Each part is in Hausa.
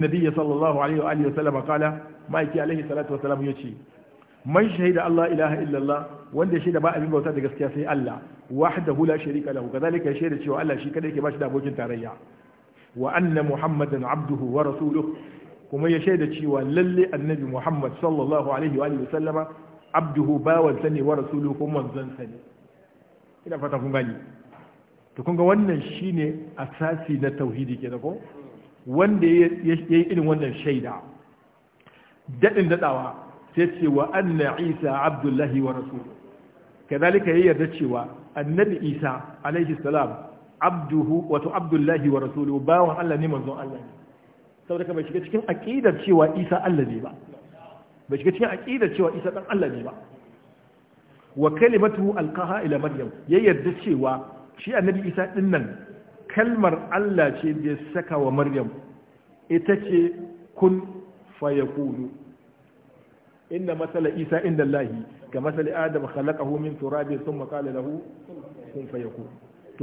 nabi sallallahu alaihi yace man shahida Allah ilaha illallah wanda ya shaida ba abin bauta da gaskiya sai Allah wahdahu la sharika lahu kadhalika ya shaida cewa Allah shi kadai yake bashi da abokin tarayya wa anna muhammadan abduhu wa rasuluhu kuma ya shaida cewa lalle annabi muhammad sallallahu alaihi wa alihi abduhu bawan sani wa rasuluhu kuma manzon ina to kun ga wannan shine asasi na tauhidi kenan ko wanda ya yi irin wannan shaida daɗin daɗawa sai ce wa anna isa abdullahi wa rasulu kadhalika ya yarda cewa annabi isa alaihi salam abduhu wato abdullahi wa rasulu bawan Allah ne manzon Allah ne saboda ka bai shiga cikin aqidar cewa isa Allah ne ba bai shiga cikin aqidar cewa isa dan Allah ne ba wa kalimatu alqaha ila maryam ya yarda cewa shi annabi isa din nan kalmar Allah ce da ya saka wa Maryam ita ce kun fayakunu inna matsala Isa inda Allah ga matsala Adam khalaqahu min turabin thumma qala lahu kun fayakun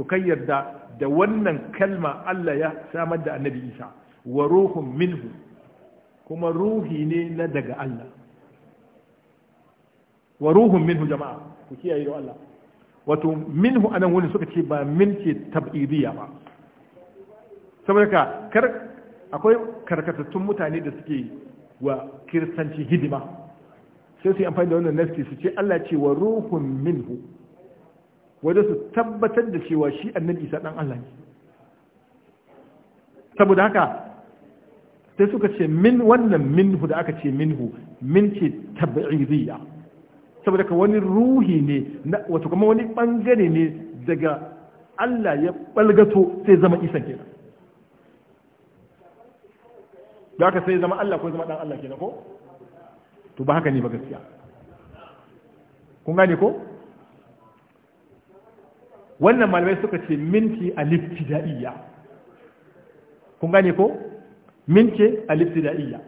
to kai yarda da wannan kalma Allah ya samar da Annabi Isa wa ruhun minhu kuma ruhi ne na daga Allah wa ruhun minhu jama'a ku kiyaye da Allah wato minhu anan wani suka ce ba min ce tab'idiyya ba saboda ka kar akwai karkatattun mutane da suke wa kiristanci hidima sai su yi amfani da wannan nafsi su ce Allah ce wa ruhun minhu wanda su tabbatar da cewa shi annabi isa dan Allah ne saboda haka sai suka ce min wannan minhu da aka ce minhu min ce tab'idiyya saboda ka wani ruhi ne wato kuma wani bangare ne daga Allah ya balgato sai zama isa kenan da haka sai zama Allah ko zama dan Allah kenan ko to ba haka ne ba gaskiya kun gane ko wannan malamai suka ce minti aliftida'iyya kun gane ko minti lifti aliftida'iyya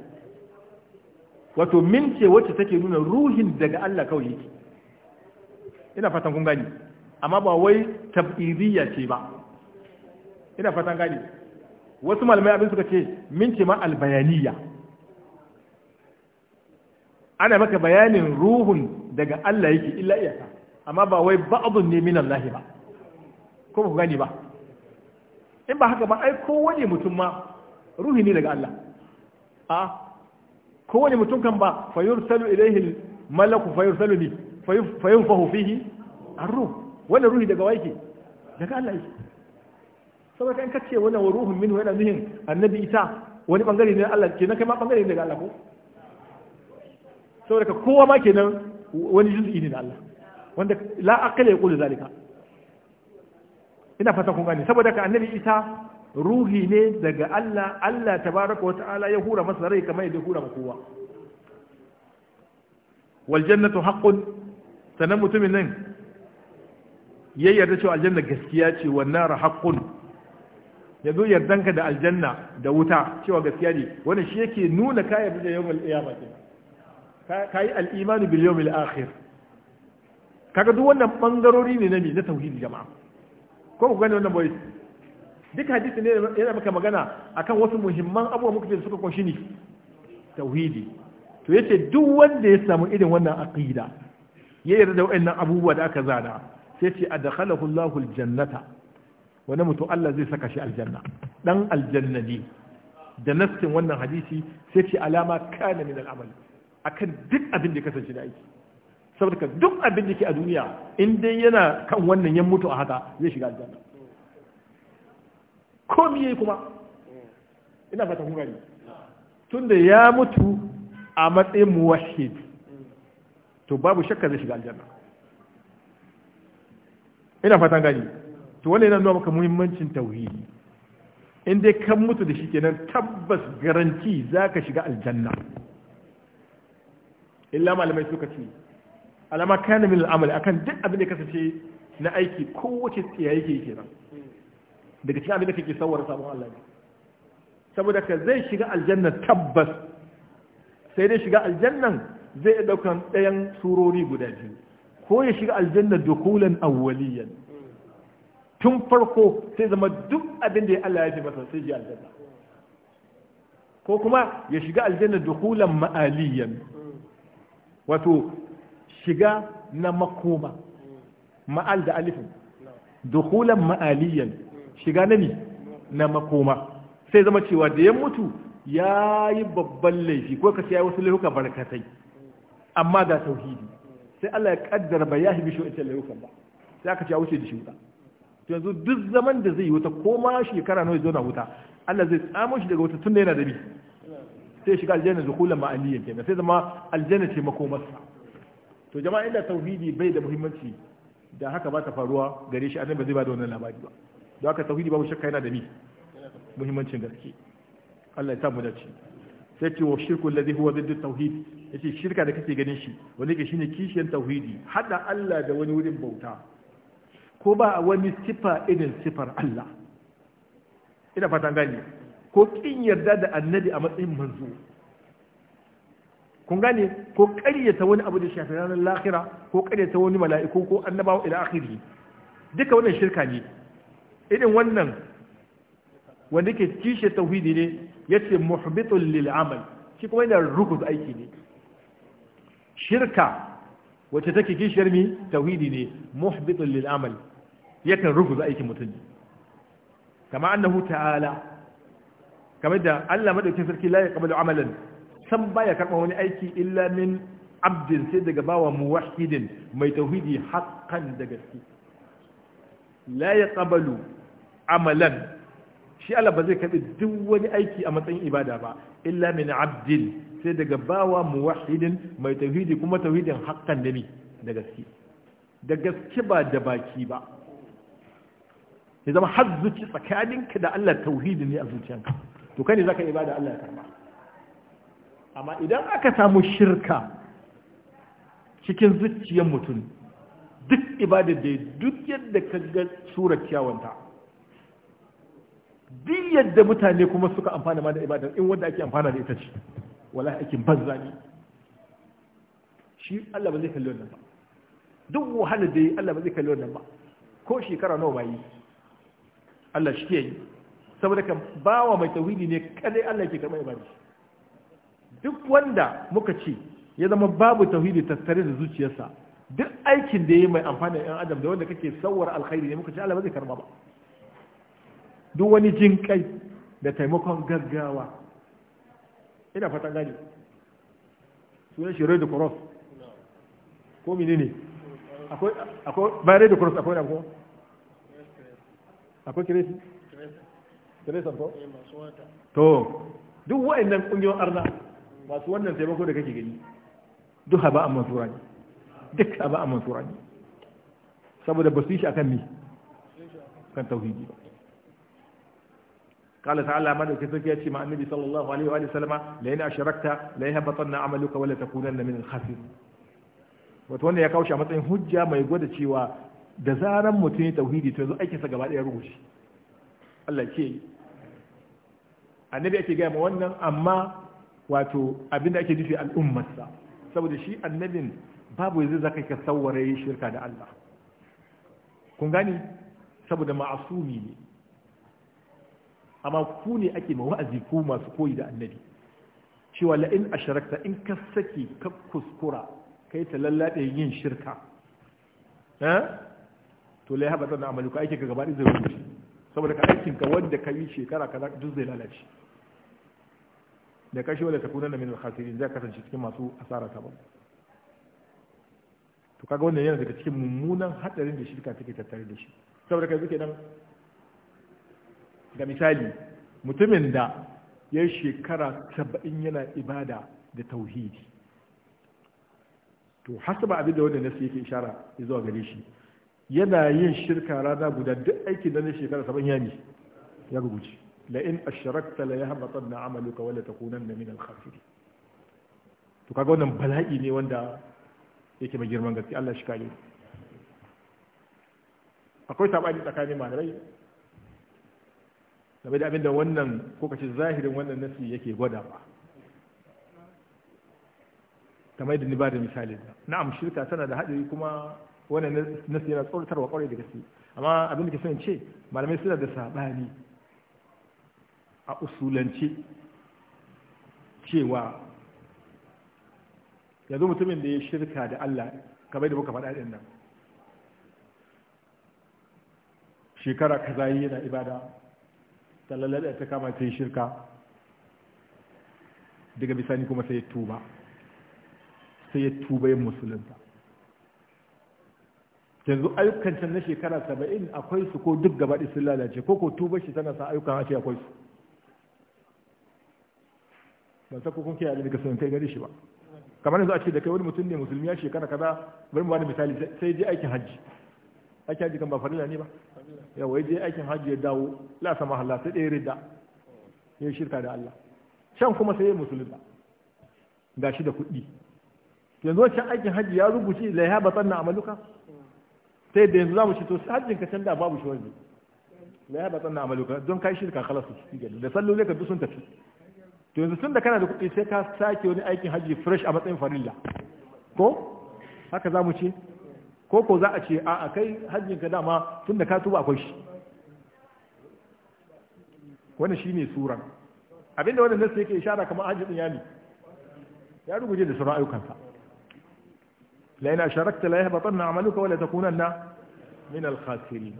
wato minti wacce take nuna ruhin daga Allah kawai yake ina fatan kun gane amma ba wai tab'idiyya ce ba ina fatan gane wasu malamai abin suka ce min ce ma albayaniya ana maka bayanin ruhun daga Allah yake illa iyaka amma ba wai ba'dun ne min Allah ba ko ba ku gani ba in ba haka ba ai kowane mutum ma ruhi ne daga Allah a kowane mutum kan ba fayursalu ilaihi malaku fayursalu bi fayunfahu fihi ar-ruh wannan ruhi daga ke daga Allah yake saboda in ka ce wannan wa ruhun min yana nuhin annabi ita, wani bangare ne Allah kenan kai ma bangare ne daga Allah ko saboda ka kowa ma kenan wani juz'i ne da Allah wanda la aqala yaqulu zalika ina fata kun gane saboda ka annabi isa ruhi ne daga Allah Allah tabaraka wa ta'ala ya hura masa rai kamar yadda hura kowa wal jannatu haqqun sanan mutumin nan ya yarda cewa aljanna gaskiya ce wannan ra haqqun ya zo yardanka da aljanna da wuta cewa gaskiya ne wannan shi yake nuna ka yarda da yawmal qiyamah ka yi al-iman bil yawmil akhir kaga duk wannan bangarori ne na na tauhidi jama'a ko ku gane wannan boys duk hadisi ne yana maka magana akan wasu muhimman abubuwa muka da suka kunshi ne tauhidi to yace duk wanda ya samu irin wannan aqida ya yarda da wayannan abubuwa da aka zana sai ce adkhalahu Allahul jannata wani mutum Allah zai saka shi aljanna dan aljanna ne da nassin wannan hadisi sai ce alama kana min al'amal akan duk abin da kasance da aiki saboda duk abin da ke a duniya in dai yana kan wannan yan mutu a haka zai shiga aljanna ko miye kuma ina fata kun gani tunda ya mutu a matsayin muwahhid to babu shakka zai shiga aljanna ina fatan gani to wannan yana nuna maka muhimmancin tauhidi in dai kan mutu da shi kenan tabbas garanti zaka shiga aljanna illa malamai suka ce alama kana min al'amali akan duk abin da kasance na aiki kowace tsaya yake kenan daga cikin abin da kake sawar sabon Allah ne saboda ka zai shiga aljanna tabbas sai dai shiga aljannan zai ɗaukan ɗayan surori guda biyu ko ya shiga aljanna dukulan awwaliyan tun farko sai zama duk abin da ya Allah ya ce masa sai ji aljanna ko kuma ya shiga aljanna dukulan ma'aliyan wato shiga na makoma ma'al da alifin dukulan ma'aliyan shiga na ni na makoma sai zama cewa da ya mutu ya yi babban laifi ko ka ya wasu laifuka barkatai amma ga tauhidi sai Allah ya kaddara bai ya hibi shi wa'ita laifukan ba sai aka ce a wuce da shi yanzu duk zaman da zai yi wuta ko ma shekara nawa zo na wuta Allah zai tsamo shi daga wuta tun da yana da bi sai shiga aljanna da zukulan ma'aniyan kenan sai zama aljanna ce makomarsa to jama'a inda tauhidi bai da muhimmanci da haka ba ta faruwa gare shi annabi zai ba da wannan labari ba don haka tauhidi babu shakka yana da bi muhimmancin gaske Allah ya tabbata dace sai ce wa shirku alladhi huwa ziddu tauhid yace shirka da kake ganin shi wani yake shine kishiyar tauhidi hada Allah da wani wurin bauta ko ba wani sifa irin sifar Allah ina fatan gani ko kin yarda da annabi a matsayin manzo kun gane ko ƙaryata wani abu da shafi ranar lahira ko ƙaryata wani mala'iku ko annabawa ila akhiri duka wannan shirka ne irin wannan wanda ke kishe tauhidi ne yace muhbitul lil amal shi kuma yana rukuzu aiki ne shirka wacce take kishiyar mi tauhidi ne muhbitun lil amal yakan ruguza aikin mutum kama annahu ta'ala kamar da Allah madaukakin sarki la yaqbalu amalan san baya karba wani aiki illa min abdin sai daga bawa muwahhidin mai tauhidi haqqan da gaske la yaqbalu amalan shi Allah ba zai karbi duk wani aiki a matsayin ibada ba illa min abdin sai daga bawa mu muwahhidin mai tauhidi kuma tauhidin haƙƙan da ni da gaske da gaske ba da baki ba ya zama har zuci tsakaninka da Allah tauhidi ne a zuciyanka to kai ne zaka ibada Allah ya karba amma idan aka samu shirka cikin zuciyar mutum duk ibadar da duk yadda ka ga surar kyawanta duk yadda mutane kuma suka amfana ma da ibadar in wanda ake amfana da ita ce Wala aikin banza ne shi Allah ba zai kalli wannan ba duk wahalar da yi Allah ba zai kalli wannan ba ko shekara nawa ba yi Allah shi ke yi saboda kan bawa mai tawhidi ne kadai Allah ke karɓar ibadi duk wanda muka ce ya zama babu tawhidi, tattare da zuciyarsa duk aikin da ya mai amfani ɗan 'yan adam da wanda kake sauwar alkhairi ne muka ce Allah ba zai karba ba duk wani jin kai da taimakon gaggawa ina fatan gani sunan shi red cross ko mini ne akwai bayan red cross akwai ko akwai kiresi kiresi ko eh, to duk wa'annan kungiyar arna masu wannan taimako da kake gani duk haba a mansura ne duk haba a mansura ne saboda ba su yi shi akan mi kan tauhidi ba قال تعالى ما كتبك يأتي مع النبي صلى الله عليه وآله وسلم لئن أشركت ليهبطن عملك ولا تكونن من الخاسرين wato wanda ya kaushe a matsayin hujja mai gwada cewa da zaran mutum ya tauhidi ta yanzu aikinsa gaba ɗaya rubuce Allah ce annabi ake gaya ma wannan amma wato abinda ake nufi al'ummarsa saboda shi annabin babu yanzu zaka ka sawware shirka da Allah kun gani saboda ma'asumi ne amma ku ne ake ma wa'azi ku masu koyi da annabi cewa la in asharakta in ka saki ka kuskura kai ta lallabe yin shirka ha to la haba tana amali ka aike ka gaba zai rubuce saboda ka aikin ka wanda ka yi shekara ka duk zai lalace da kashi wala takuna min al-khasirin zai kasance cikin masu asara ta ba to kaga wannan yana daga cikin mummunan hadarin da shirka take tattare da shi saboda kai suke nan ga misali mutumin da ya shekara saba'in yana ibada da tauhidi to hasaba abin da wanda nasu yake ishara ya zuwa gare shi yana yin shirka rana guda duk aikin da na shekara saba'in ya ne ya rubuce la'in asharakta la ka wadda ta kunan na minan khafiri to kaga wannan bala'i ne wanda yake mai girman gaske Allah shi kare akwai sabani tsakanin malamai game da abin da wannan ko kace zahirin wannan nasi yake gwadawa kamar idan ni ba da misali na'am shirka tana da haɗari kuma wannan nasi yana tsoratarwa kwarai da gaske amma abin da ke son ce malamai suna da sabani a usulance cewa yanzu mutumin da ya shirka da Allah kamar da muka faɗa ɗin nan shekara kaza yana ibada ta lalada ta kama ta yi shirka daga bisani kuma sai ya tuba sai ya tuba yin musulunta yanzu ayyukan can na shekara saba'in akwai su ko duk gabaɗi sun lalace ko ko tuba shi tana sa ayyukan ake akwai su ban sa kun kiyaye daga sun kai gari shi ba kamar yanzu a ce da kai wani mutum ne musulmi ya shekara kaza bari mu bani misali sai je aikin hajji aikin hajji kan ba farilla ne ba Ya yawa je aikin hajji ya dawo la sama halla sai ɗaya ridda ya shirka da Allah can kuma sai ya musulunta ga shi da kuɗi yanzu wancan aikin hajji ya rubuce la ya batsan na amaluka sai da yanzu za mu ci to hajjin ka can da babu shi wanzu la ya batsan na amaluka don kai shirka su khalasu da sallolin ka duk sun tafi to yanzu tun da kana da kuɗi sai ka sake wani aikin hajji fresh a matsayin farilla ko haka za mu ce ko ko za a ce a kai hajjinka dama tun da ka tuba akwai shi wani shi ne suran abinda wani nasu yake ishara kamar hajji ya yami. ya ruguje da sauran ayyukansa la na sharakta la yahbatanna amaluka wala na? min al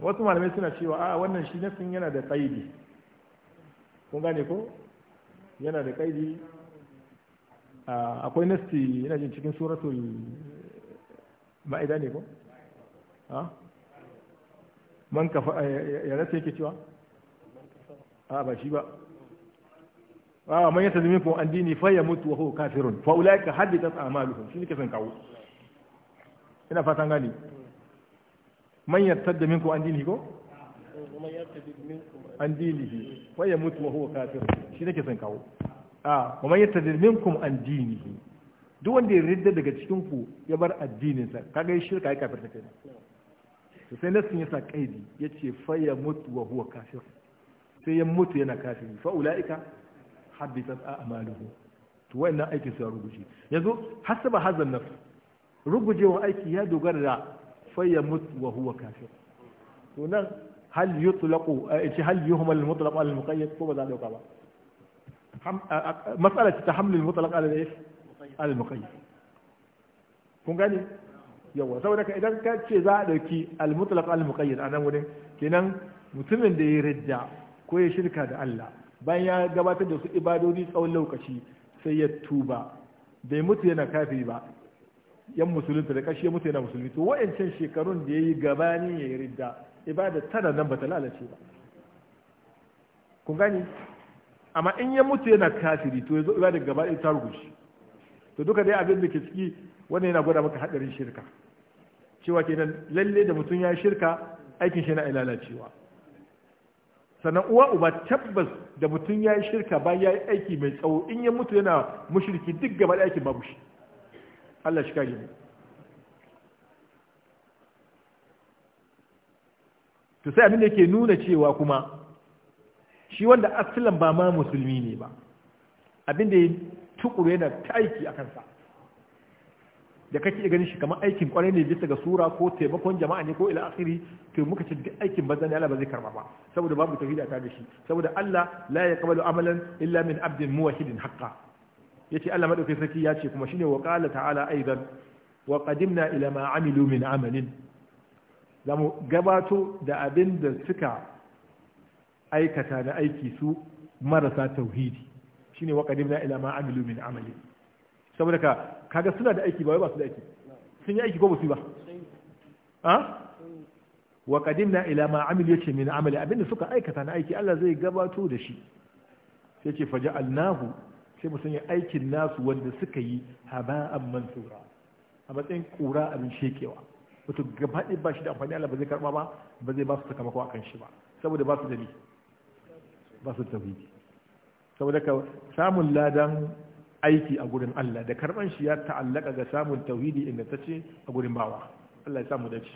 wasu malamai suna cewa a wannan shi nasin yana da qaidi kun gane ko yana da qaidi akwai nasti yana jin cikin suratul ma'ida ne ko man kafa ya rasa yake cewa a ba shi ba a man yasa zumin kuma addini fa ya mutu wa huwa kafirun fa ulaika tsama a'maluhum shi ne san kawo ina fatan gani man yartadda minkum an dinihi ko an dinihi wa yamutu wa huwa kafir shi nake son kawo a wa man yartadda minkum an dinihi duk wanda ya ridda daga cikin ku ya bar addinin sa kaga shirka ya kafirta kenan to sai nassin sa kaidi yace fa ya mutu wa huwa kafir sai ya mutu yana kafiri fa ulaika habitat a'maluhu to wannan aikin su ruguje yanzu hasaba hazan nafs rugujewa aiki ya dogara da fa ya mutu wa huwa kafir to nan hal yutlaqu ce hal yuhmal al-mutlaq ala al-muqayyad ko ba za dauka ba mas'alar ta hamlil mutlaq ala al-muqayyad kun gani yawa saboda ka idan ka ce za a ɗauki al-mutlaq al-muqayyad anan wurin kenan mutumin da ya ridda ko ya shirka da Allah bayan ya gabatar da su ibadodi tsawon lokaci sai ya tuba bai mutu yana kafiri ba yan musulunta da kashi ya mutu yana musulmi to wa'ancan shekarun da ya yi gabani ya yi ridda ibada tana nan ba ta lalace ba kun gani amma in ya mutu yana kafiri to ya zo ibada gaba ɗaya ta rugushi to duka dai abin da ke ciki wannan yana gwada maka hadarin shirka cewa kenan lalle da mutum ya shirka aikin shi na lalacewa sannan uwa uba tabbas da mutum ya yi shirka ba ya yi aiki mai tsawo in ya mutu yana mushriki duk gaba da aikin babu shi Allah shi kage to sai abin da yake nuna cewa kuma shi wanda asalin ba ma musulmi ne ba abin da ya tukuru yana ta aiki a kansa da kake ganin shi kamar aikin kwarai ne bisa ga sura ko taimakon jama'a ne ko ila akhiri to muka ce duk aikin banza ne Allah ba zai karba ba saboda babu tauhida ta da shi saboda Allah la yaqbalu amalan illa min abdin muwahhidin haqqa yace Allah madaukakin sarki ya ce kuma shine wa qala ta'ala aidan wa qadimna ila ma amilu min amalin zamu gabato da abin da suka aikata da aiki su marasa tauhidi shine wa qadimna ila ma amilu min amalin saboda ka kaga suna da aiki ba wai ba su da aiki sun yi aiki ko ba su ba ha wa qadimna ila ma amil yace min amali abinda suka aikata na aiki Allah zai gabato da shi sai ce faja'alnahu sai musun yi aikin nasu wanda suka yi haba'an mansura a matsayin kura abin shekewa wato gabaɗe ba shi da amfani Allah ba zai karɓa ba ba zai ba su sakamako akan shi ba saboda ba su da ba su tauhidi saboda ka samun ladan aiki a gurin Allah da karɓan shi ya ta'allaka ga samun tauhidi inda ta ce a gurin bawa Allah ya samu dace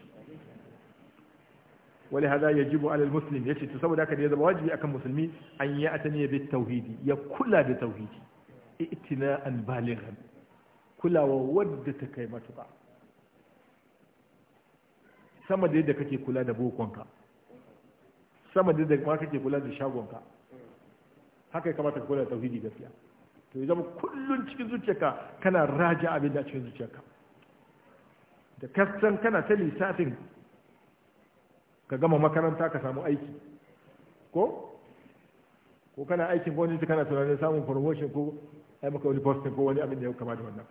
wani haza ya jibo alal muslim ya ce ta saboda haka ne ya zama wajibi akan musulmi an yi ataniya bi tauhidi ya kula da tauhidi itina'an balighan kulawa wadda ta kai matuƙa sama da yadda kake kula da bokonka sama da yadda kake kula da shagonka haka ya kamata ka kula da tauhidi gaskiya to ya zama kullum cikin zuciyarka kana raja abin da cikin zuciyarka da kasan kana ta lissafin ka gama makaranta ka samu aiki ko ko kana aikin gwamnati kana tunanin samun promotion ko ai maka wani posting ko wani abin da ya kama da wannan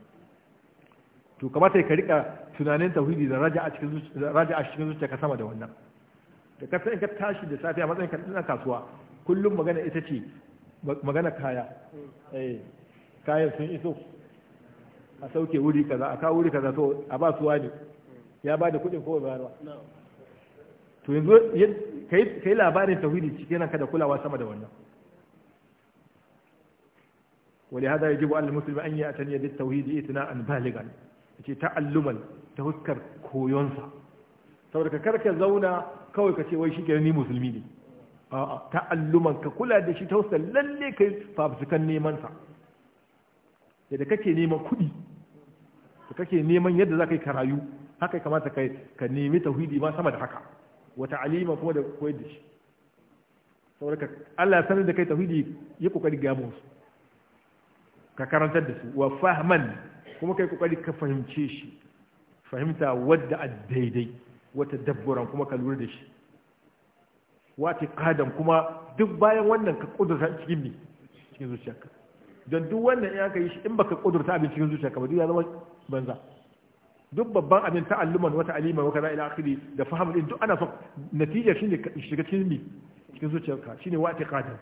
to kamata ka rika tunanin tauhidi da raja a cikin raja a cikin zuciyarka sama da wannan da kasan in ka tashi da safiya matsayin ka kasuwa kullum magana ita ce magana kaya eh, kayan sun iso a sauke wuri kaza a kawo wuri kaza to a ba su wani ya ba da kuɗin kowa bayarwa to yanzu ka yi labarin tauhidi cikin ranka da kulawa sama da wannan wani hada ya jibu allah musulmi an yi a taniyar ita itina an baligan ce ta'alluman ta huskar koyonsa saboda ka karka zauna kawai ka ce wai shi ni musulmi ne ta'alluman ka kula da shi ta wasa lalle kai fafutukan neman sa da kake neman kuɗi da kake neman yadda za ka yi karayu haka kamata kai ka nemi tauhidi ma sama da haka wata alima kuma da koyar da shi saboda Allah ya sanar da kai tauhidi ya kokari ga mu ka karantar da su wa fahman kuma kai kokari ka fahimce shi fahimta wadda a daidai wata dabburan kuma ka lura da shi wati kadan kuma duk bayan wannan ka kudurta cikin ne cikin zuciyarka don duk wannan in aka yi shi in baka kudurta abin cikin zuciyarka ba duk ya zama banza duk babban abin ta'alluman wata aliman wata kaza ila akhiri da fahimta din duk ana son natijar shine ka shiga cikin ne cikin zuciyarka shine wati kadan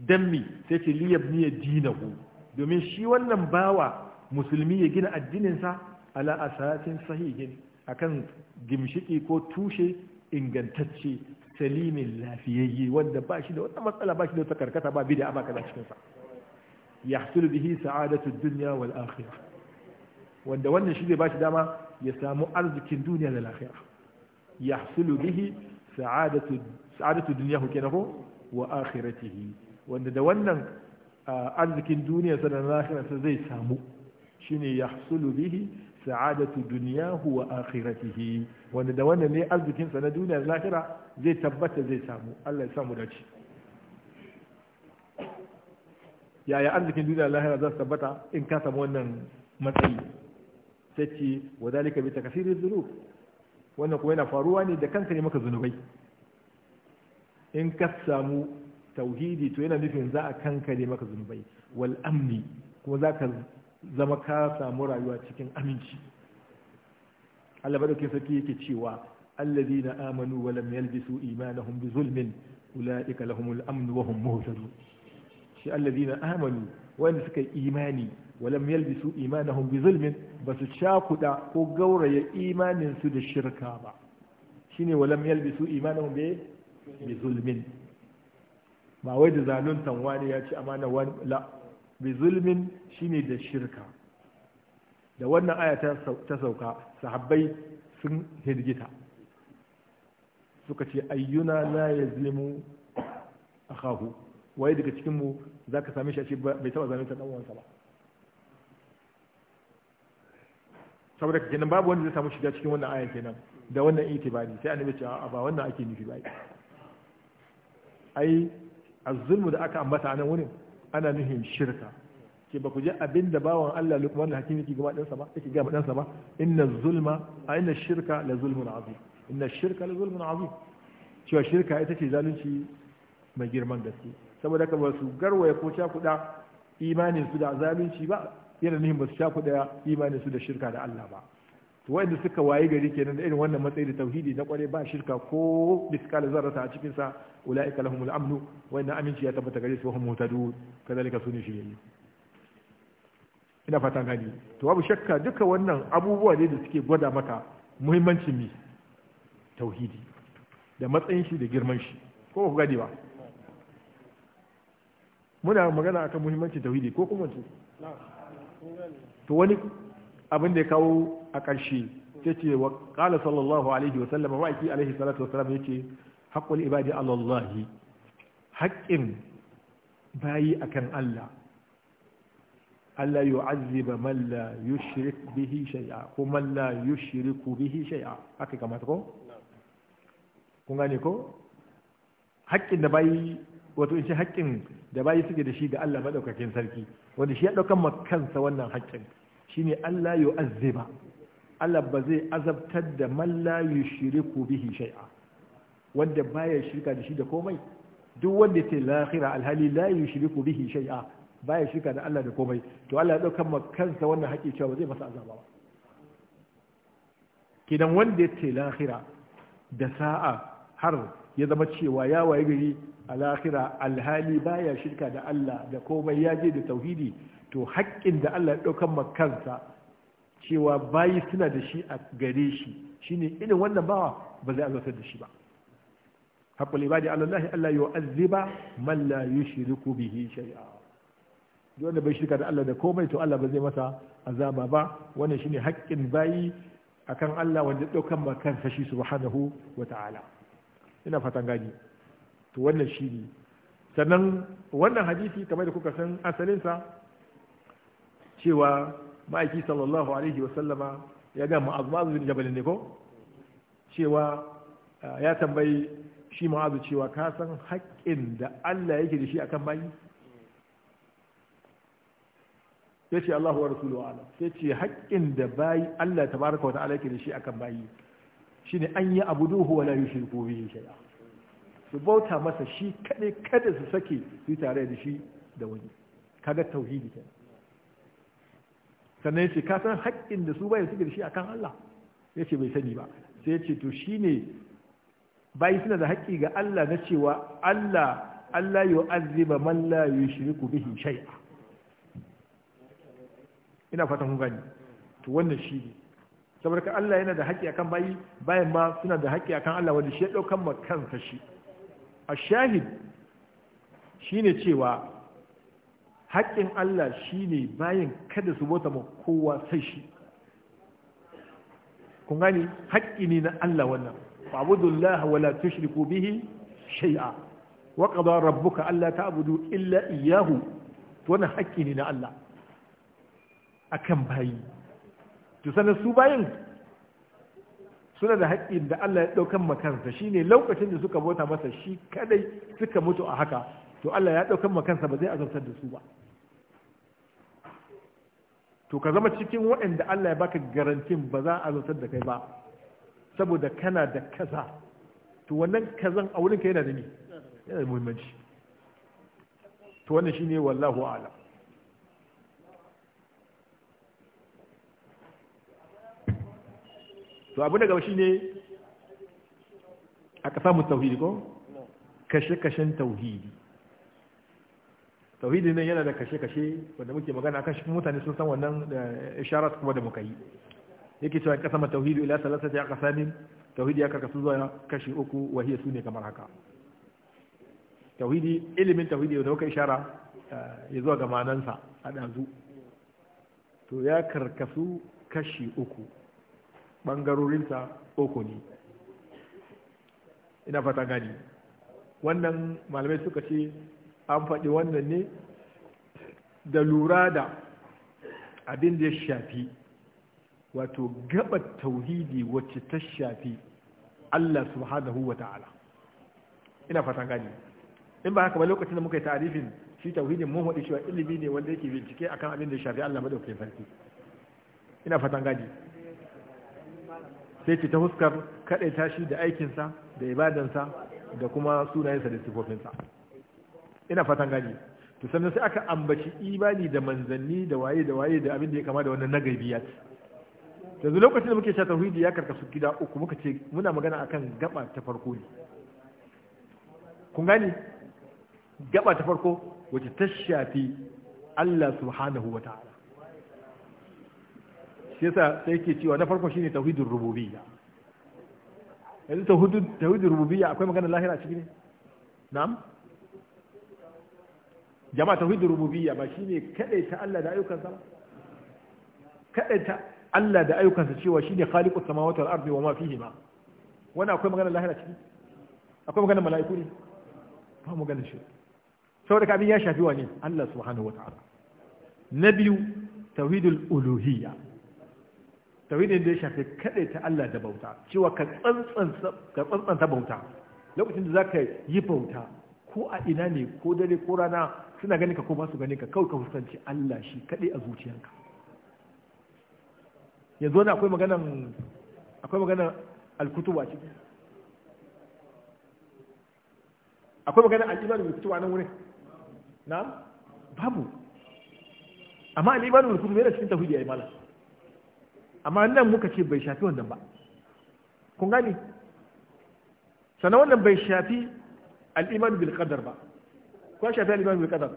dan mi sai ce yabni dinahu domin shi wannan bawa musulmi ya gina addininsa ala asasin sahihin akan gimshiki ko tushe ingantacce salimin lafiyayye wanda ba shi da wata matsala ba shi da wata karkata ba bida ba kaza cikin sa yahsul bihi sa'adatu dunya wal akhirah wanda wannan shi zai ba shi dama ya samu arzikin duniya da ya yahsul bihi sa'adatu sa'adatu dunyahu kenahu wa akhiratihi wanda da wannan ah, arzikin duniya sa da lahira sa zai samu shine yahsulu bihi sa'adatu dunyahu wa akhiratihi wanda da wannan ne arzikin sa na duniya da lahira zai tabbata zai samu Allah ya samu dace yaya arzikin duniya da lahira za su tabbata in ka samu wannan matsayi sai ce wa dalika bi takasirin dhunub wannan kuma yana faruwa ne da kanka ne maka zunubai in ka samu tauhidi to yana nufin za a kankare maka zunubai wal amni kuma za ka zama ka samu rayuwa cikin aminci Allah kin saki yake cewa alladhina amanu wa lam yalbisu imanahum bi zulmin ulaika lahumul amn wa hum muhtadun shi alladhina amanu wanda suka yi imani wa lam yalbisu imanahum bi zulmin basu shakuda ko gauraya imanin su da shirka ba shine wa lam yalbisu imanahum bi bi zulmin ba wai da zalunta wani ya ci amana wani la bi zulmin shine da shirka da wannan aya ta sauka sahabbai sun hirgita suka ce ayyuna la yazlimu akahu waye daga cikin mu zaka same shi a ce bai taba zalunta dan uwansa ba saboda kenan babu wanda zai samu shiga cikin wannan aya kenan da wannan itibari sai annabi ce a ba wannan ake nufi ba ai az-zulmu da aka ambata a nan wurin ana nufin shirka ke ba ku ji abin da bawan Allah Luqman al-Hakim yake gaba ɗansa ba yake gaba ɗansa ba inna zulma a inna shirka la zulmun azim inna shirka la zulmun azim cewa shirka ita ce zalunci mai girman gaske saboda ka ba su garwaya ko cakuɗa imanin su da zalunci ba yana nihin ba su cakuɗa imanin su da shirka da Allah ba wanda suka wayi gari kenan da irin wannan matsayi da tauhidi na kware ba shirka ko biskal zarrata a cikin sa ulaika lahumul amnu wanda aminci ya tabbata gare su hum mutadu kadalika sunni shi ina fata gani to babu shakka duka wannan abubuwa ne da suke gwada maka muhimmancin mi tauhidi da matsayin shi da girman shi ko ku gadi ba muna magana akan muhimmancin tauhidi ko kuma to wani abin da ya kawo a ƙarshe ta ce wa ƙala sallallahu alaihi wa sallama wa aiki alaihi salatu wa sallam yake haƙƙul ibadi alallahi haƙƙin bayi kan Allah Allah yu'azziba man la yushrik bihi shay'a ko man la yushriku bihi shay'a haka kamata ko kun gane ko haƙƙin da bayi wato in ce haƙƙin da bayi suke da shi ga Allah madaukakin sarki wanda shi ya ɗaukan ma kansa wannan haƙƙin shine Allah yu'azziba Allah ba zai azabtar da man shiriku yushriku bihi shay'a wanda baya shirka da shi da komai duk wanda yake lahira alhali la yushriku bihi shay'a baya shirka da Allah da komai to Allah ya dauka ma kansa wannan haƙi cewa ba zai masa azaba ba kidan wanda yake lahira da sa'a har ya zama cewa ya waye gari a lahira alhali baya shirka da Allah da komai ya je da tauhidi to haƙƙin da Allah ya dauka ma kansa cewa bayi suna da shi a gare shi shine irin wannan bawa ba zai azabtar da shi ba haqqul ibadi a allahi alla yu'azziba man la yushriku bihi shay'a duk wanda bai shirka da Allah da komai to Allah ba zai masa azaba ba wannan shine haƙƙin bayi akan Allah wanda ɗaukan ma kansa shi subhanahu wa ta'ala ina fatan gani to wannan shine sannan wannan hadisi kamar da kuka san asalinsa cewa ma'aiki sallallahu alaihi wa sallama ya ga ma'azu ma'azu bin jabal ne ko cewa ya tambayi shi ma'azu cewa ka san haƙƙin da Allah yake da shi akan bayi ya ce Allahu wa rasulu ala Ya ce haƙƙin da bayi Allah tabaraka wa ta'ala yake da shi akan bayi ne an yi abuduhu wa la yushriku ya shay'a su bauta masa shi kaɗai kada su sake su tare da shi da wani kaga tauhidi kenan sannan ya ce ka san haƙƙin da su bayan suke da shi akan Allah ya ce bai sani ba sai ya ce to shine bayi suna da haƙƙi ga Allah na cewa Allah Allah yi azziba man la yushriku bihi shay'a ina fatan kun gani to wannan shi ne saboda ka Allah yana da haƙƙi akan bayi bayan ma suna da haƙƙi akan Allah wanda shi ya ɗaukan ma kansa shi a shahid shine cewa haƙƙin Allah shi ne bayin kada su bauta ma kowa sai shi kun gani haƙƙi ne na Allah wannan fa'budullah wa la tushriku bihi shay'a wa qada rabbuka alla ta'budu illa iyyahu to wannan haƙƙi ne na Allah akan bayi to sanan su bayin suna da haƙƙin da Allah ya ɗaukan makansa ne lokacin da suka bauta masa shi kadai suka mutu a haka to Allah ya ɗaukan makansa ba zai azabtar da su ba to ka zama cikin waɗanda Allah ya baka garantin ba za a zartar da kai ba saboda kana da kaza to wannan kazan a wurinka yana da ni yana da muhimmanci to wannan shine wallahu Ala. to abu na gaba shine a samu tauhidi ko kashe-kashen tauhidi tauhidi ne yana da kashe-kashe wanda muke magana kan shi mutane sun san wannan da ishara kuma da muka yi yake cewa ma tauhidi ila salasati aqsamin tauhidi ya karkasu zuwa kashi uku hiya sune kamar haka tauhidi ilimin tauhidi da muka ishara eh, ya zuwa ga manansa a dazu to ya karkasu kashi uku bangarorinsa uku ne ina fata gani wannan malamai suka ce an faɗi wannan ne da lura da abin da ya shafi wato gabar tauhidi wacce ta shafi Allah subhanahu wa ta'ala ina fatan gani in ba haka ba lokacin da muka yi tarifin shi tauhidin mun hudu cewa ilimi ne wanda yake bincike akan abin da ya shafi Allah madaukakin sarki ina fatan gani sai ce ta huskar kaɗaita shi da aikinsa da ibadansa da kuma sunayensa da sifofinsa ina fatan gani to sannan sai aka ambaci imani da manzanni da waye da waye da abin da ya kama da wannan nagaibiyat yanzu lokacin da muke sha tauhidi ya karkasu gida uku muka ce muna magana akan gaba ta farko ne kun gani gaba ta farko wacce ta shafi Allah subhanahu wa ta'ala shi yasa sai ke cewa na farko shine tauhidin rububiyya yanzu tauhidin rububiyya akwai magana lahira a ciki ne na'am jama'a ta tauhidin rububiyya ba shine kadaita Allah da ayyukansa ba kadaita Allah da ayyukansa cewa shine khaliqu samawati wal ardi wa ma hima wani akwai magana lahira ciki akwai magana mala'iku ne ba mu ganin shi saboda kabin ya shafi wani Allah su wata ala na biyu tauhidul uluhiyya tauhidin da ya shafi kadaita Allah da bauta cewa ka tsantsanta bauta lokacin da zaka yi bauta ko a ina ne ko dare ko rana suna ganin ka ko ba su gani ka kawai ka fuskanci Allah shi kaɗai a zuciyarka yanzu wani akwai maganan akwai maganan alkutuba a ciki akwai maganan al'ibar bil kutuba nan wurin na babu amma al'ibar bil kutuba yana cikin tauhidi ai mala amma nan muka ce bai shafi wannan ba kun gani sannan wannan bai shafi al'imanu bil qadar ba ko shafi alibar bil qadar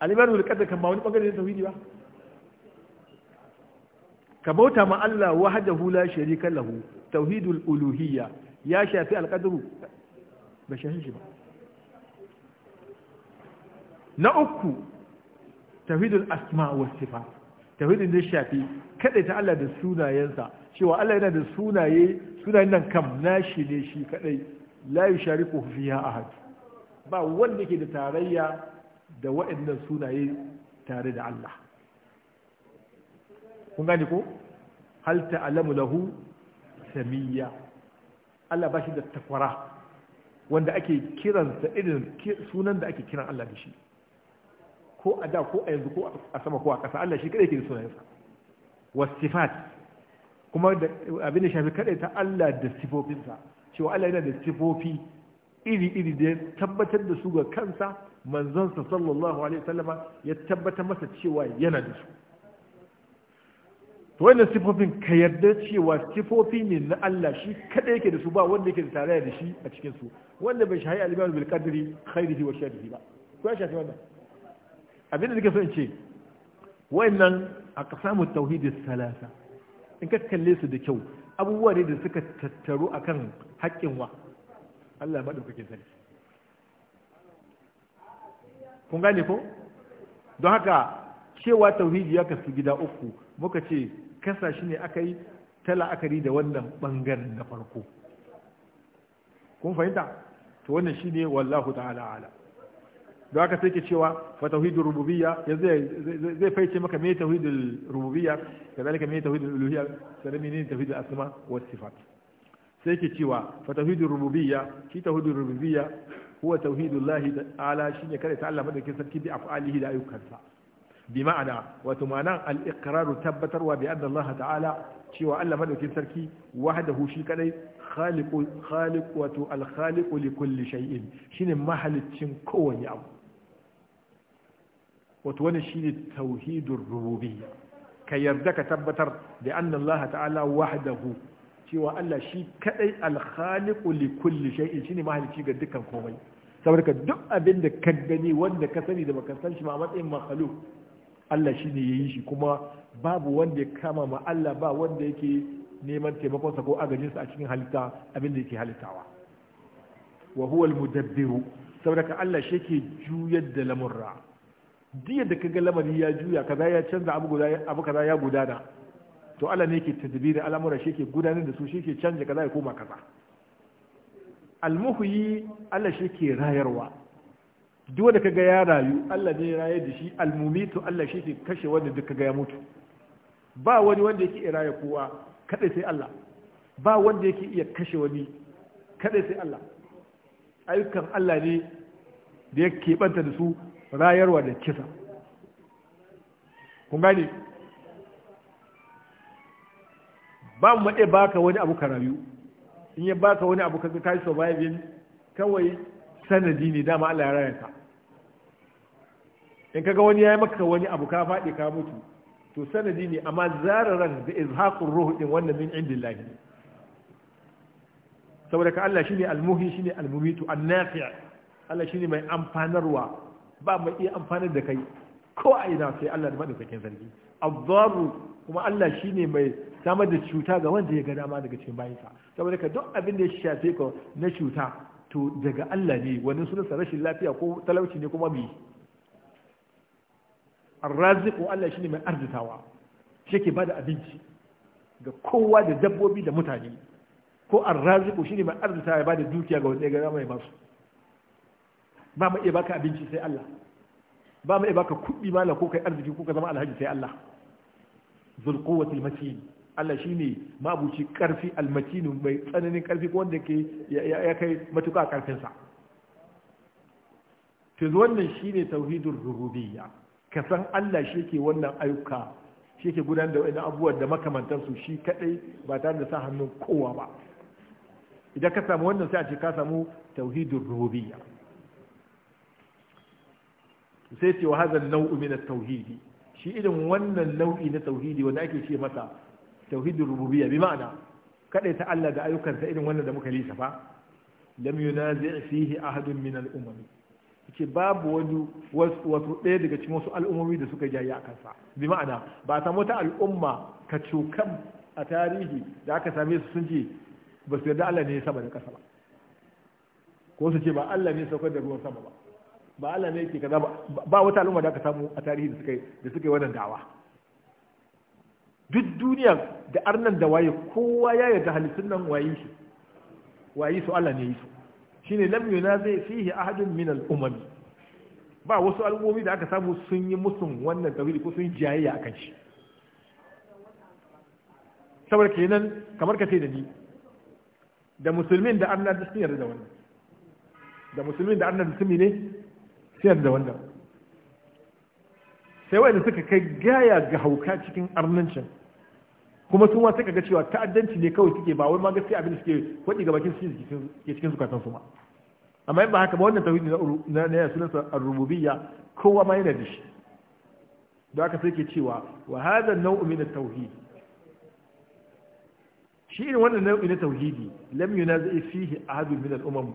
alibar kan ba wani bangare ba ka bauta ma Allah wahdahu la sharika lahu tauhidul uluhiyya ya shafi alqadru ba shafi shi ba na uku tauhidul asma wa sifat da shafi kadai ta Allah da sunayensa cewa Allah yana da sunaye sunayen nan kam nashi ne shi kadai la yushariku fiha ahad ba wanda ke da tarayya da waɗannan sunaye tare da Allah kun gani ko hal ta'lamu lahu samiyya Allah ba shi da takwara wanda ake kiran, sa irin sunan da ake kiran Allah da shi ko a da ko a yanzu ko a sama ko a ƙasa Allah shi kadai yake da sunayensa wasifat kuma abin da shafi kada ta Allah da sifofinsa cewa Allah yana da sifofi iri-iri da ya tabbatar da su ga kansa manzansa sallallahu alaihi sallama, ya tabbatar masa cewa yana da su to wannan sifofin ka yarda cewa sifofi ne na Allah shi kada yake da su ba wanda yake da tarayya da shi a cikin su wanda bai shahi al imam bil qadri khairihi wa sharrihi ba ko ya shafi wannan abin da nake so in ce wayannan aqsamut tauhid salasa in ka kalle su da kyau abubuwa ne da suka tattaru akan haƙƙin wa Allah kuke sani, kun gane ko don haka cewa tauhidi ya kasu gida uku muka ce kasa shi ne aka yi ta la'akari da wannan bangaren na farko kun fahimta to wannan shi ne wallahu ta'ala ala don haka sai ke cewa fa tauhidul rububiyya yanzu zai faice maka me tauhidul rububiyya kazalika me tauhidul uluhiyya sannan menene tauhidul asma was sifat sai ke cewa fa tauhidur rububiyya shi tauhidur rububiyya huwa tauhidullahi ta'ala shine kare ta Allah madaukakin sarki bi af'alihi da ayyukansa bi ma'ana wato ma'anan al-iqraru tabbatarwa bi anna Allah ta'ala cewa Allah madaukakin sarki wahdahu shi kadai khaliqu khaliq wato al-khaliqu li kulli shay'in shine mahalicin kowane abu wato wannan shine tauhidur rububiyya ka yarda ka tabbatar da anna Allah ta'ala wahdahu cewa Allah shi kadai alkhaliqu li kulli shay'in shine mahalici ga dukkan komai saboda duk abin da ka gani wanda ka sani da baka san shi ba matsayin makhluq Allah shine yayi shi kuma babu wanda ya kama ma Allah ba wanda yake neman taimakon sa ko agajin sa a cikin halitta abin da yake halittawa wa huwa almudabbiru saboda ka Allah shi yake juyar da lamurra duk yadda kaga lamari ya juya kaza ya canza abu guda abu kaza ya gudana to Allah ne ke tadbiri al'amura shi ke gudanar da su shi ke canja kaza ya koma kaza almuhyi Allah shi ke rayarwa duk wanda kaga ya rayu Allah ne ya rayar da shi almumitu Allah shi ke kashe wanda duk kaga ya mutu ba wani wanda yake raya kowa kada sai Allah ba wanda yake iya kashe wani kada sai Allah ayyukan Allah ne da ya keɓanta da su rayarwa da kisa kun gane ba mu maɗe baka wani abu karayu rayu in ya baka wani abu kaga kai surviving kawai sanadi ne dama Allah ya raya ka in kaga wani yi maka wani abu ka faɗi ka mutu to sanadi ne amma zararan da izhaqur ruh din wannan min indillah ne saboda ka Allah shine almuhi shine almumitu annafi' Allah shine mai amfanarwa ba mai iya amfanar da kai ko a ina sai Allah da madaukakin sarki ad-darru kuma Allah shi ne mai samar da cuta ga wanda ya ga dama daga cikin bayansa saboda ka duk abin da ya shafe ka na cuta to daga Allah ne wani sa rashin lafiya ko talauci ne kuma mai arraziku Allah shi ne mai arzitawa shi ke bada abinci ga kowa da dabbobi da mutane ko shi ne mai arzitawa ya bada dukiya ga wanda ya ga mai masu ba mu iya baka abinci sai Allah ba mu iya baka kuɗi mala ko kai arziki ko ka zama alhaji sai Allah zulquwatil matin Allah ne mabuci karfi almatin mai tsananin karfi ko wanda ke ya kai matuƙa karfin sa to wannan ne tauhidur rububiyya ka san Allah shi ke wannan ayyuka shi ke gudanar da wannan abubuwan da makamantarsu shi kadai ba tare da sa hannun kowa ba idan ka samu wannan sai a ce ka samu tauhidur rububiyya sai ce wa hadha an min at-tauhidi shi irin wannan nau'i na tauhidi wanda ake ce masa tauhidin rububiyya bi ma'ana kada ta Allah da ayyukansa irin wannan da muka lissafa lam yunazi fihi ahadun min al-umam yace babu wani wasu ɗaya daga cikin wasu al'ummomi da suka jayi akan sa bi ma'ana ba samu ta al'umma ka cukan a tarihi da aka same su sun ce ba su yarda Allah ne sama da kasa. ba ko su ce ba Allah ne saukar da ruwan sama ba ba Allah ne yake kaza ba wata al'umma da aka samu a tarihi da suka da suka yi wannan dawa duk duniya da arnan da waye kowa ya yarda halittun nan waye shi waye su Allah ne yi su shine lam yunaze fihi ahadun min al ba wasu al'ummomi da aka samu sun yi musun wannan tawili ko sun jayayya akan shi saboda kenan kamar ka ce da ni da musulmin da arna da sun yarda da wannan da musulmin da arna da ne siyar da wannan sai wanda suka kai gaya ga hauka cikin arnancin kuma sun wasu ga cewa ta'addanci ne kawai suke ba wani ma gaskiya abin da suke kwaɗi ga bakin suke cikin zukatan su ma amma in ba haka ba wannan tauhidi na na sunansa ar-rububiyya kowa ma yana da shi don haka sai ke cewa wa hadha naw'u min at-tauhid shi irin wannan nau'i na tauhidi lam yunazi fihi ahadun min al-umam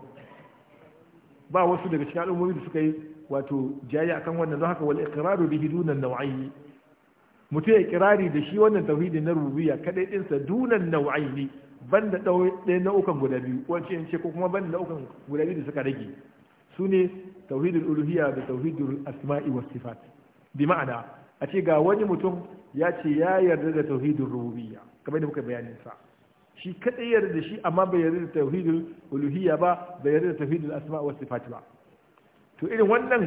ba wasu daga cikin al'ummomi da suka yi wato jayi akan wannan don haka wal iqraru bihi dunan naw'ayni mutum ya kirari da shi wannan Tauhidin na rububiyya kadai din sa dunan naw'ayni banda ɗaya nau'ukan guda biyu wace in ce ko kuma banda nau'ukan guda biyu da suka rage su ne tauhidul uluhiyya da tauhidul asma'i was sifat bi ma'ana a ce ga wani mutum ya ce ya yarda da tauhidul rububiyya kamar da muka bayanin sa shi kadai yarda da shi amma bai yarda da tauhidul uluhiyya ba bai yarda da tauhidul asma'i was sifat ba to irin wannan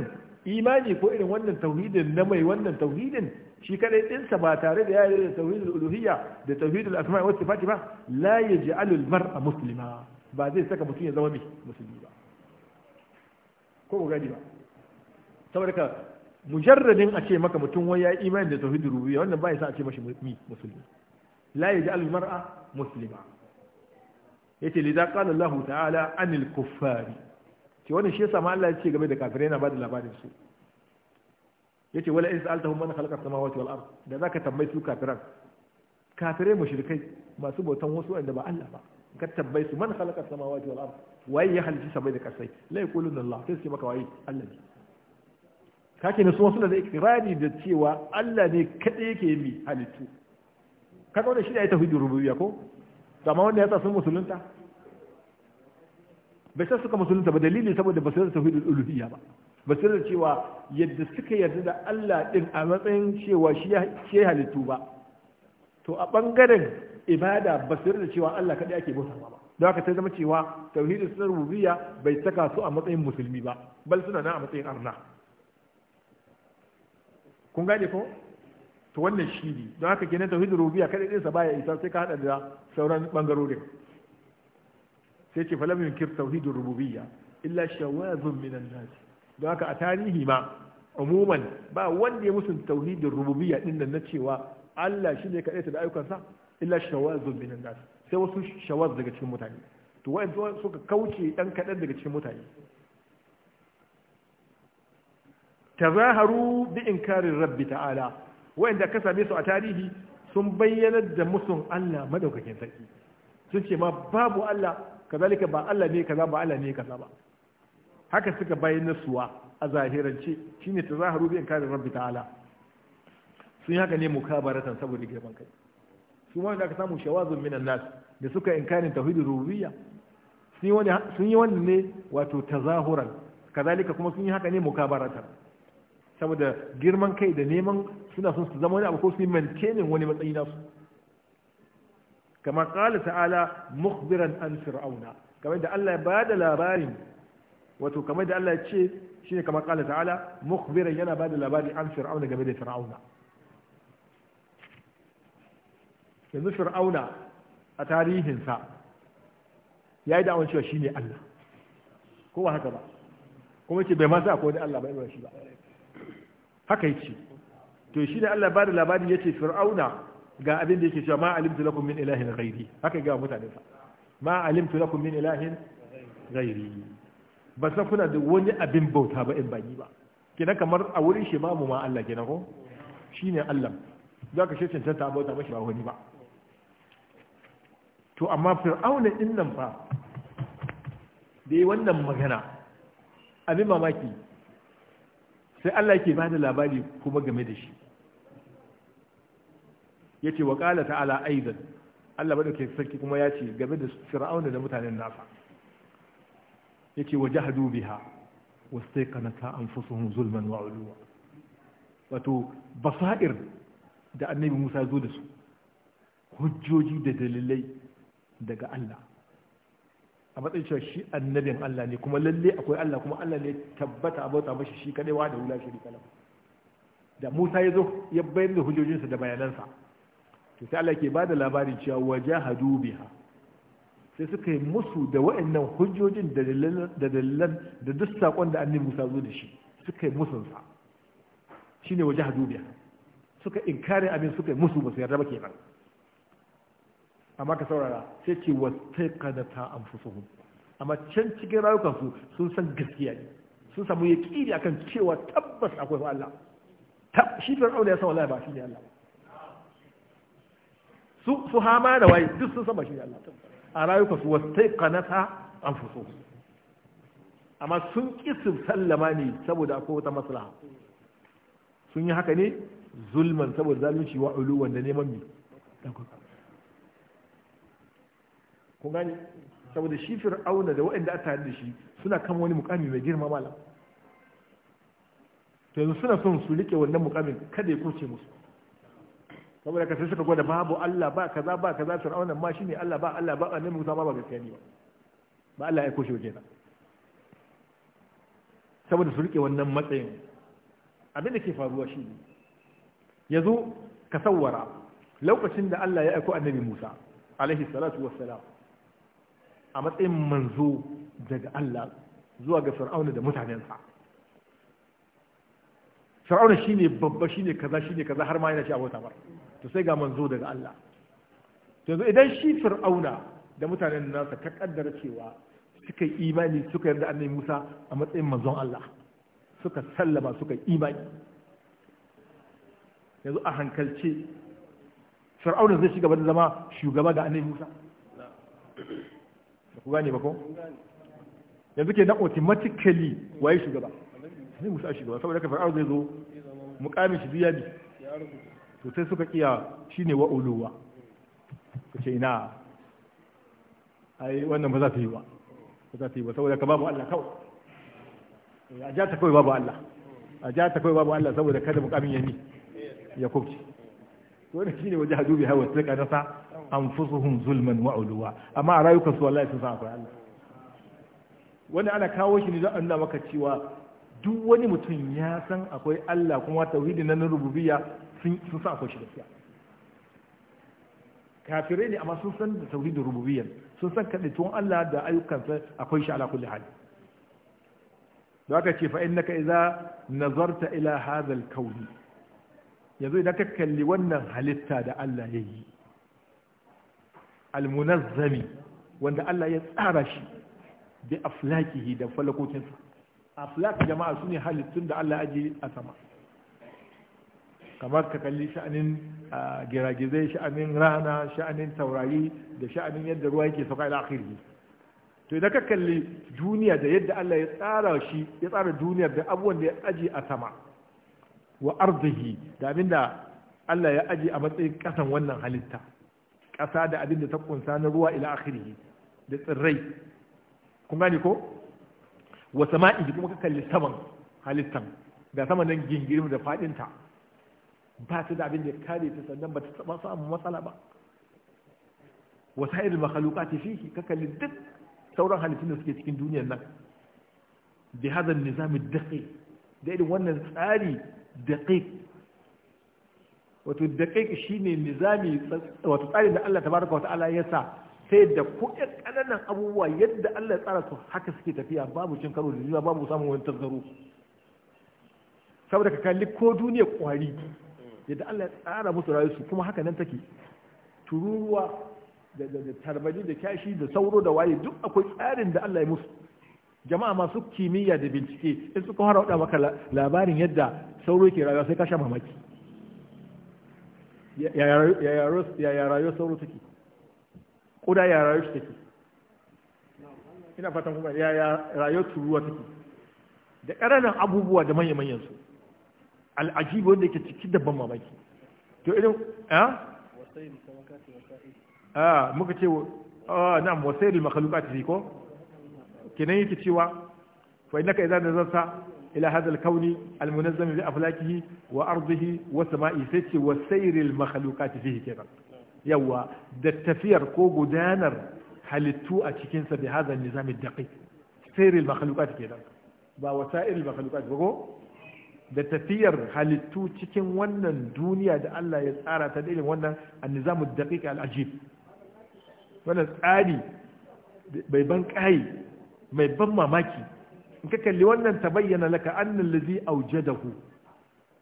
imani ko irin wannan tauhidin na mai wannan tauhidin shi kadai dinsa ba tare da yayi da tauhidul uluhiyya da tauhidul asma'i was sifati ba la yaj'alu al mar'a muslima ba zai saka mutum ya zama mai musulmi ba ko ba gadi ba saboda ka mujarradin a ce maka mutum wai ya imani da tauhidul rububiyya wannan ba ya sa a ce mashi musulmi la yaj'alu al mar'a muslima yace lidza qala Allah ta'ala anil kuffari ce wani shi ya ma Allah ya ce game da kafirai yana bada labarin su yace wala insa sa'altahum man khalaqa samawati wal ard da zaka tambayi su kafiran kafirai mushrikai masu bautan wasu wanda ba Allah ba ka tambayi su man khalaqa samawati wal ard waye ya halici sabai da kasai la yaquluna Allah sai su maka waye Allah ne kake ne su wasu da ikrari da cewa Allah ne kadai yake yi halittu Ka ga wani shi ne tauhidur rububiyya ko Sama wanda ya sa sun musulunta bai sa suka musulunta ba dalili saboda basu yarda tauhidul uluhiyya ba basu yarda cewa yadda suka yarda da Allah din a matsayin cewa shi ya halittu ba to a bangaren ibada basu yarda cewa Allah kadai ake bauta ba don haka sai zama cewa tauhidul sunan rububiyya bai saka su a matsayin musulmi ba bal suna nan a matsayin arna kun gane ko to wannan shi ne don haka kenan tauhidul rububiyya kadai din sa baya isa sai ka hada da sauran bangarorin sai ce falam yunkir tauhidur rububiyya illa shawazun minan nas don haka a tarihi ma umuman ba wanda ya musun tauhidin rububiyya din nan na cewa Allah shine kadai da ayyukansa illa shawazun minan nas sai wasu shawaz daga cikin mutane to wa'in suka kauce dan kadan daga cikin mutane tazaharu bi inkarin rabbi ta'ala wa'inda ka same su a tarihi sun bayyanar da musun Allah madaukakin sarki sun ce ma babu Allah kazalika ba Allah ne kaza ba Allah ne kaza ba haka suka bayyana suwa a zahirance shine tazaharu bi inkari rabbi ta'ala sun haka ne mukabaratan saboda girman kai su ma da aka samu shawazun minan nas da suka inkari tauhidur rububiyya sun yi wannan ne wato tazahuran kazalika kuma sun yi haka ne mukabaratan saboda girman kai da neman suna son su zama wani abu ko su yi maintaining wani matsayi nasu kama qala ta'ala mukhbiran an fir'auna kamar da Allah ya bada labarin wato kamar da Allah ya ce shine kama qala ta'ala mukhbiran yana bada labari an fir'auna game da fir'auna yanzu fir'auna a tarihinsa ya yi da'awar cewa shine Allah ko ba haka ba kuma ce bai ma ko akwai Allah bai ba shi ba haka yace to shi ne Allah ba da labari yace fir'auna ga abin da yake cewa ma alimtu lakum min ilahin ghairi haka ga mutane sa ma alimtu lakum min ilahin ghairi ba san kuna da wani abin bauta ba in bani ba kina kamar a wurin shi ma mu ma Allah kina ko shine Allah za ka shacin ta bauta ba shi ba wani ba to amma fir'auna din nan fa da yi wannan magana abin mamaki sai Allah yake ba da labari kuma game da shi yace wa ƙala ta'ala aizan Allah ke sarki kuma ya ce game da fir'auna da mutanen nasa yace wa jahadu biha an anfusuhum zulman wa uluwa wato basair da annabi Musa zo da su hujjoji da dalilai daga Allah a matsayin cewa shi annabin Allah ne kuma lalle akwai Allah kuma Allah ne tabbata abota mashi shi kadai wa da wula shirika lahu da Musa ya zo ya bayar da hujjojinsa da bayanansa sai Allah ke ba da labarin cewa hadu biha sai suka yi musu da wa'annan hujjojin da dalilan da duk sakon da annabi Musa zo da shi suka yi musun sa shine hadu biha suka inkari abin suka yi musu ba yarda ba kenan amma ka saurara sai ce wastaqanata anfusuhum amma can cikin rayukansu sun san gaskiya ne sun samu yaqini akan cewa tabbas akwai Allah shi fir'auna ya san wallahi ba shi ne Allah su su hama da waye duk sun saba shi Allah a rayuka su wasai kanata an fuso amma sun ki su sallama ne saboda akwai wata maslaha sun yi haka ne zulman saboda zalunci wa al-ulu wanda neman mi ku gani saboda shi fir'auna da waɗanda aka da shi suna kan wani mukami mai girma malam to yanzu suna son su rike wannan mukamin kada ya kurce musu saboda ka sai suka gwada babu Allah ba kaza ba kaza fir'aunan ma shine Allah ba Allah ba annabi Musa ba ba gaskiya ne ba ba Allah ya koshe wajena saboda su rike wannan matsayin abin da ke faruwa shi ne yazo ka sawara lokacin da Allah ya aiko annabi Musa alaihi salatu wassalam a matsayin manzo daga Allah zuwa ga fir'auna da mutanensa fir'auna shine babba shine kaza shine kaza har ma yana shi wata bar to sai ga manzo daga Allah yanzu idan shi fir'auna da mutanen nasa ka kaddara cewa suka yi imani suka yarda annabi Musa a matsayin manzon Allah suka sallama suka yi imani yanzu a hankalce fir'auna zai shiga da zama shugaba ga annabi Musa ku gane ba ko yanzu ke na automatically waye shugaba annabi Musa shugaba saboda ka fir'auna zai zo mukamin shi biya bi to sai suka kiya shine wa uluwa kace ina ai wannan ba za ta yi ba ba za ta yi ba saboda ka babu Allah kawai eh, a ja ta kawai babu Allah a ja ta kawai babu Allah saboda kada mukamin yami ya kubce wannan shine waje hadu bi hawa ka nasa anfusuhum zulman wa uluwa amma a rayukan su wallahi sun san akwai Allah wanda ana kawo shi ne don Allah maka cewa duk wani mutum ya san akwai Allah kuma tauhidin na rububiyya sun sa akwai shi gaskiya kafirai ne amma sun san da tauhidin rububiyar sun san kaɗaituwan Allah da ayyukansa akwai shi ala kulli hali da aka ce fa'in naka iza nazarta ila hazal kauni yanzu idan ka kalli wannan halitta da Allah ya yi almunazzami wanda Allah ya tsara shi bi aflakihi da falakokinsa aflak jama'a su ne halittun da Allah ajiye a sama kamar ka kalli sha'anin giragizai sha'anin rana sha'anin taurari da sha'anin yadda ruwa yake sauka ila akhiri to idan ka kalli duniya da yadda Allah ya tsara shi ya tsara duniya da abubuwan da ya aji a sama wa arzihi da abinda Allah ya aji a matsayin kasan wannan halitta kasa da abinda ta kunsa na ruwa ila akhiri da tsirrai kun gane ko wa sama'i kuma ka kalli saman halittan ga sama nan gingirin da ta ba ta da abin da ya kare ta sannan ba ta taba samun matsala ba wata irin makaluka ta fi ka kalli duk sauran halittun da suke cikin duniyar nan bi za nizami daqiq da irin wannan tsari daqiq wato daqiq shine nizami wato tsari da Allah tabaraka wata ala ya sa sai da ko ya ƙananan abubuwa yadda Allah ya tsara su haka suke tafiya babu cin karo da zuwa babu samun wani tasgaro saboda ka kalli ko duniya kwari yadda Allah ya tsara musu rayuwarsu kuma haka nan take tururuwa da tarbali da kyashi da sauro da waye duk akwai tsarin da Allah ya musu jama'a masu kimiyya da bincike in suka fara wada maka labarin yadda sauro ke rayuwa sai ka sha mamaki ya rayu sauro take kuda ya shi take ina fatan kuma ya rayu turuwa take da ƙananan abubuwa da manya-manyan su al'ajibi wanda yake ciki da ban mamaki to irin a a muka ce na'am wasairil makhluqat fi ko kenan yake cewa fa innaka idza nazarta ila hadha al-kawni al-munazzam bi aflakihi wa ardihi wa sama'i sai ce wasairil makhluqat fihi kenan yawa da tafiyar ko gudanar halittu a cikinsa bi hada an-nizam ad-daqiq sairil makhluqat kenan ba wasairil makhluqat ba ko da tafiyar halittu cikin wannan duniya da Allah ya tsara ta dalilin wannan annizamu daqiq al-ajib wannan tsari bai ban kai mai ban mamaki in ka kalli wannan tabayyana laka annal ladhi awjadahu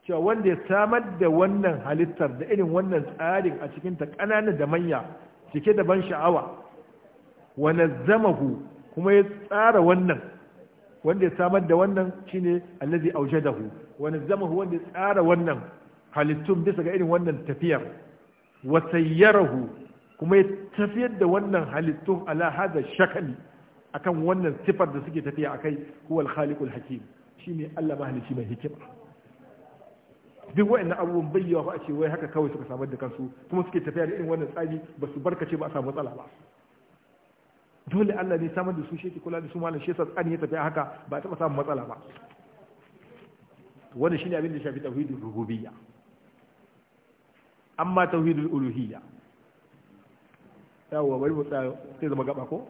cewa wanda ya samar da wannan halittar da irin wannan tsarin a cikin ta kanana da manya cike da ban sha'awa wa nazzamahu kuma ya tsara wannan wanda ya samar da wannan shine allazi aujadahu wa nazzamahu wanda ya tsara wannan halittun bisa ga irin wannan tafiyar wa sayyarahu kuma ya tafiyar da wannan halittun ala hada shakali akan wannan sifar da suke tafiya akai huwa al-khaliqul hakim shine Allah mahalici mai hikima duk wa'annan abubuwan bayyawa fa a ce wai haka kawai suka samar da kansu kuma suke tafiya da irin wannan tsari ba su barkace ba a samu matsala ba dole Allah ne samar da su shi ke kula da su malam shi yasa tsani ya tafi haka ba taɓa samun matsala ba wannan shine abin da shafi tauhidul rububiyya amma tauhidul uluhiyya yawo bari mu tsaya sai zama gaba ko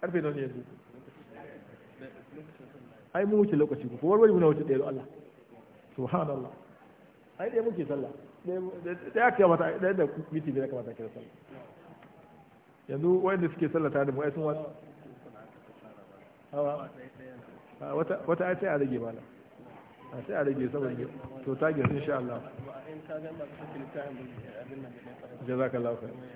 karfe nan yanzu ai mu wuce lokaci ko warware mu na wuce ɗaya Allah subhanallah ai dai muke sallah da ya kamata da miti da kamata kira sallah yanzu wanda suke sallata da mu ai wasu hawa wata wata ai sai a rage mana a sai a rage saboda to ta gina insha Allah jazakallahu khair